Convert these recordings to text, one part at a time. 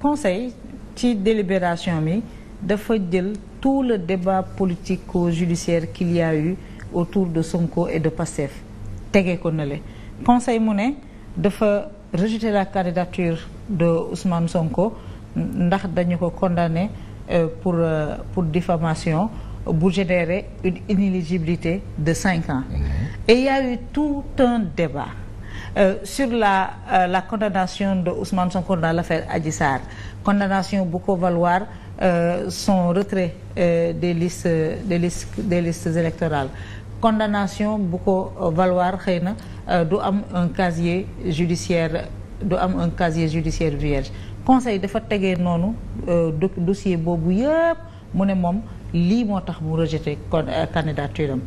conseil ci délibération mi dafa jël tout le débat politico-judiciaire qu'il y a eu autour de Sonko et de Pastef tege ko nale conseil mu ne dafa rejeter la candidature de Ousmane Sonko ndax dañu ko condamné euh, pour euh, pour diffamation bu générer une inéligibilité de cinq ans mm-hmm. et il eu tout un débat Euh, sur la euh, la condamnation de Ousmane Sonko dans l'affaire Adji Sarr condamnation bu ko valoir euh, son retrait euh, des listes des listes des listes électorales condamnation bu ko valoir xëy na euh, du am un casier judiciaire du am un casier judiciaire vierge conseil dafa tegee noonu dossier boobu yëpp mu ne moom lii moo tax mu rejeté candidature am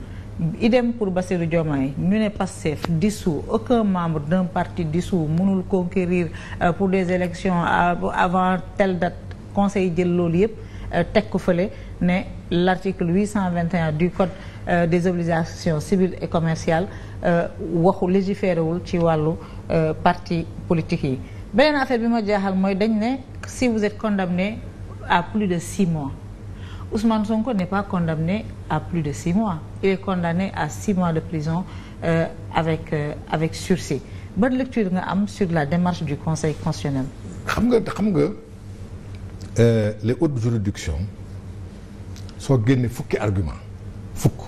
idem pour Bassirou Diomaye ñu ne Pastef dissous aucun membre d'un parti dissous mënul conquérir euh, pour des élections avant telle date conseil jël loolu yëpp euh, teg ko fële ne l'article 821 du code euh, des obligations civiles et commerciales waxu légiféré wul ci wàllu parti politique yi beneen affaire bi ma jaaxal mooy dañ ne si vous êtes condamné à plus de six mois Ousmane Sonko n'est pas condamné à plus de six mois il est condamné à six mois de prison euh, avec euh, avec sursis ban lecture nga am sur la démarche du conseil constitutionnel. xam nga xam nga euh, les hautes juridictions soo génnee fukki argument fukk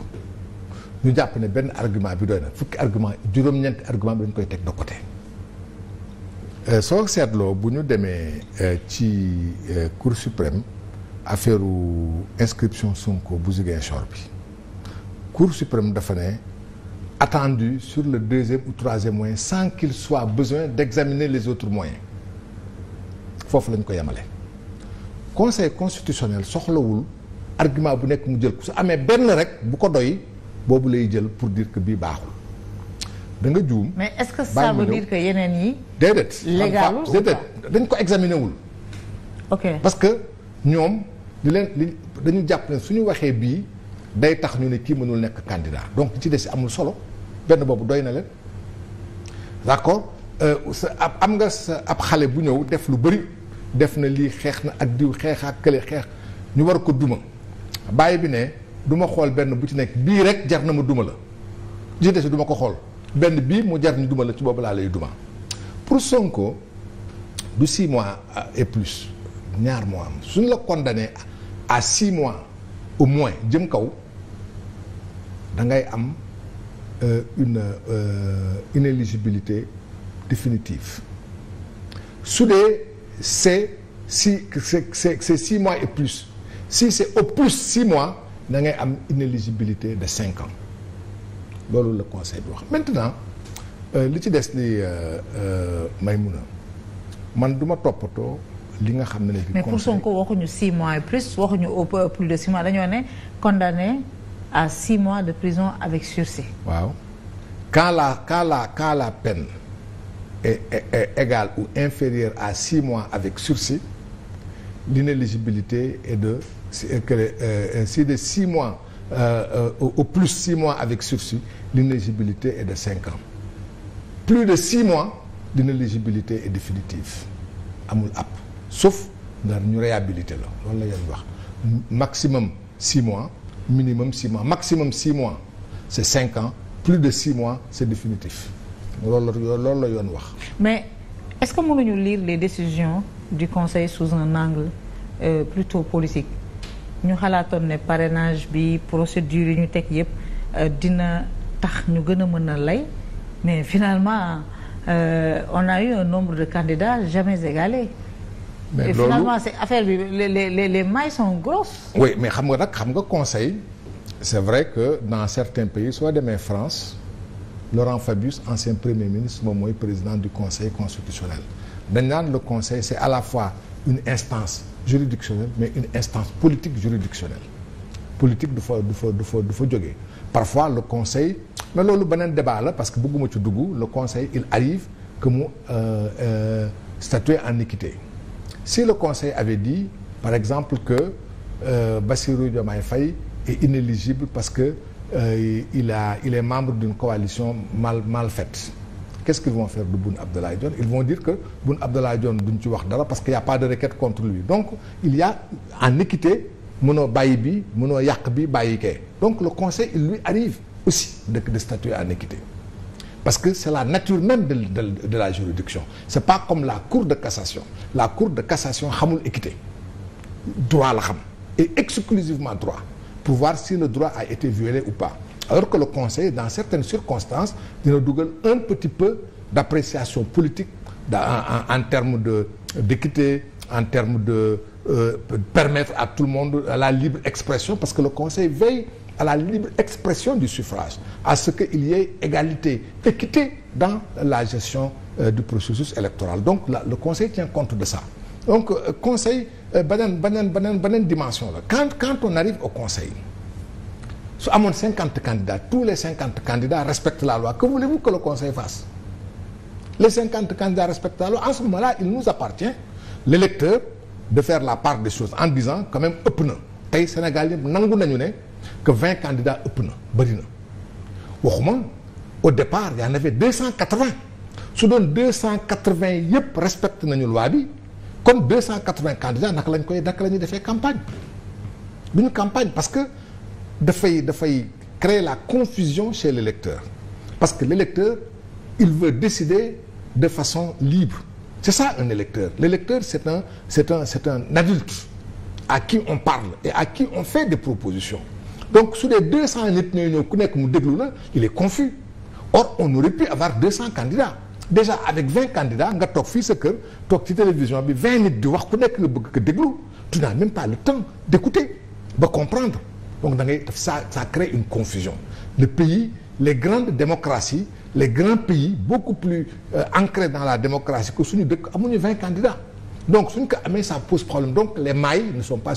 ñu jàpp ne benn argument bi doy na fukki argument juróom-ñeenti argument bi dañ koy teg de côté. Euh, soo seetloo bu ñu demee euh, ci cour suprême. affaire inscription Sonko bu Ziguinchor bi Cour suprême dafa ne attendu sur le deuxième ou troisième moyen sans qu'il soit besoin d'examiner les autres moyens foofu lañ ko yemale conseil constitutionnel soxlawul argument bu nekk mu jël ko su amee benn rek bu ko doy boobu lay jël pour dire que bii baaxul da nga juum. mais est-ce que ça veut dire que yeneen yi. déedéet légalul déedéet dañ ko examiné wul. ñoom di leen li dañu jàpp ne suñu waxee bii day tax ñu ne kii mënul nekk candidat donc ci des amul solo benn boobu doy na leen d'accord euh, sa ab am nga sa ab xale bu ñëw def lu bëri def na lii xeex na ak diw xeex ak kële xeex ñu war ko duma bàyyi bi ne duma xool benn bu ci nekk bii rek jar na ma duma la ji des du duma ko xool benn bii mu jar ñu duma la ci boobu laa lay duma pour Sonko du six mois euh, et plus ñaar moo am suñ la condamné à six mois au moins jëm kaw da ngay am euh, une euh, inéligibilité définitive su dee c'est si c'est c'est six mois et plus si c'est au plus six mois da ngay am inéligibilité de cinq ans loolu la conseil bi wax maintenant euh, li ci des li Maymuna man duma toppatoo li nga xam ne bi mais waxuñu 6 mois et plus waxuñu au plus de 6 mois dañoo ne condamné à 6 mois de prison avec sursis. waaw quand la quand la quand la peine est, est, est égale ou inférieure à 6 mois avec sursis l'inéligibilité est de c'est euh, euh, de 6 mois euh, euh, au plus 6 mois avec sursis l'inéligibilité et de cinq ans plus de 6 mois d'inéligibilité et définitive amul app sauf ndax ñu réabilité la loolu la yoon wax maximum six mois minimum six mois maximum six mois c'est cinq ans plus de six mois c'est définitif loolu la yoon wax. mais est-ce que mënuñu liir les décisions du conseil sous un angle euh, plutôt politique ñu xalaatoon ne parrainage bi procédure yi ñu teg yépp euh, dina tax ñu gën a mën a lay mais finalement euh, on a eu un nombre de candidats jamais égalé. mais loolu finalement c'est affaire bi les les les mailles sont grosses. oui mais xam nga nag xam nga conseil. c'est vrai que dans certains pays soo demee France Laurent Fabius ancien premier ministre moom mooy président du conseil constitutionnel dañ naan le conseil c'est à la fois une instance juridictionnelle mais une instance politique juridictionnelle politique du fa du fa du fa du fa jógee parfois le conseil mais loolu beneen débat la parce que bëgguma ci dugg le conseil il arrive que mu euh, euh, statuer en si le conseil avait dit par exemple que euh, Bassirou Diomaye Faye est inéligible parce que euh, il a il est membre d'une coalition mal mal faite qu'est-ce qu'ils vont faire de Boun Abdallah Dionne ils vont dire que Boun Abdallah Dionne duñ ci wax dara parce qu'il y a pas de requête contre lui donc il y a en équité mënoo bàyyi bi mënoo yàq bi bàyyi kee donc le conseil il lui arrive aussi de de statuer en équité parce que c'est la nature même de, de, de la juridiction c'est pas comme la cour de cassation la cour de cassation xamul équité droit la xam et exclusivement droit pour voir si le droit a été violé ou pas alors que le conseil dans certaines circonstances dina dugal un petit peu d'appréciation politique en, en, en termes de d'équité en termes de euh, permettre à tout le monde la libre expression parce que le conseil veille à la libre expression du suffrage, à ce qu'il y ait égalité, équité dans la gestion euh, du processus électoral. Donc la, le Conseil tient compte de ça. Donc euh, Conseil, euh, beneen beneen beneen beneen dimension la quand quand on arrive au Conseil su amoon cinquante candidats tous les cinquante candidats respectent la loi que voulez-vous que le Conseil fasse les cinquante candidats respectent la loi en ce moment-là il nous appartient l'électeur de faire la part des choses en disant quand même ëpp na tey Sénégal yëpp nangu nañu ne que vingt candidats ëpp na bëri na waxuma au départ y na avait deux cent quatre-vingts su doon deux cent quatre-vingts yëpp respecté nañu loi bi comme deux cent quatre-vingts candidats naka lañu koy naka la defee campagne ñu campagne parce que dafay dafay créer la confusion chez l'électeur parce que l'électeur il veut décider de façon libre c'est ça un électeur l'électeur c'est un c'est un c'est un adulte à qui on parle et à qui on fait des propositions donc su dee deux cent nit ñooy ñëw ku nekk mu déglu la il est confus or on aurait pu avoir deux cent candidats déjà avec vingt candidats nga toog fii sa kër toog ci télévision bi vingt nit di wax ku nekk nga bëgg ko déglu tu n'as même pas le temps d'écouter ba comprendre donc da ngay ça ça crée une confusion le pays les grandes démocraties les grands pays beaucoup plus euh, ancrés dans la démocratie que suñu dëkk amuñu vingt candidats donc suñ ko amee sa pose problème donc les mailles ne sont pas